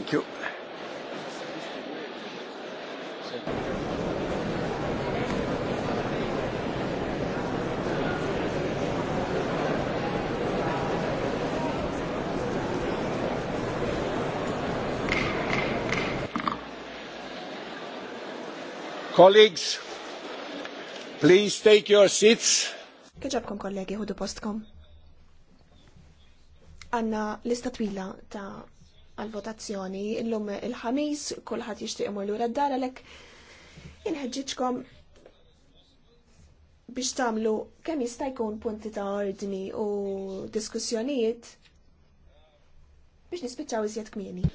Thank you. Colleagues, please take your seats. Kħeġabkom kollegi, hudu postkom. Għanna lista twila ta' għal-votazzjoni illum il-ħamis, kullħat jishtiq imur l lura d-dar għalhekk inħeġġitkom biex tamlu kem jistajkun punti ta' ordni u diskussjonijiet biex nispiċaw iżjed kmieni.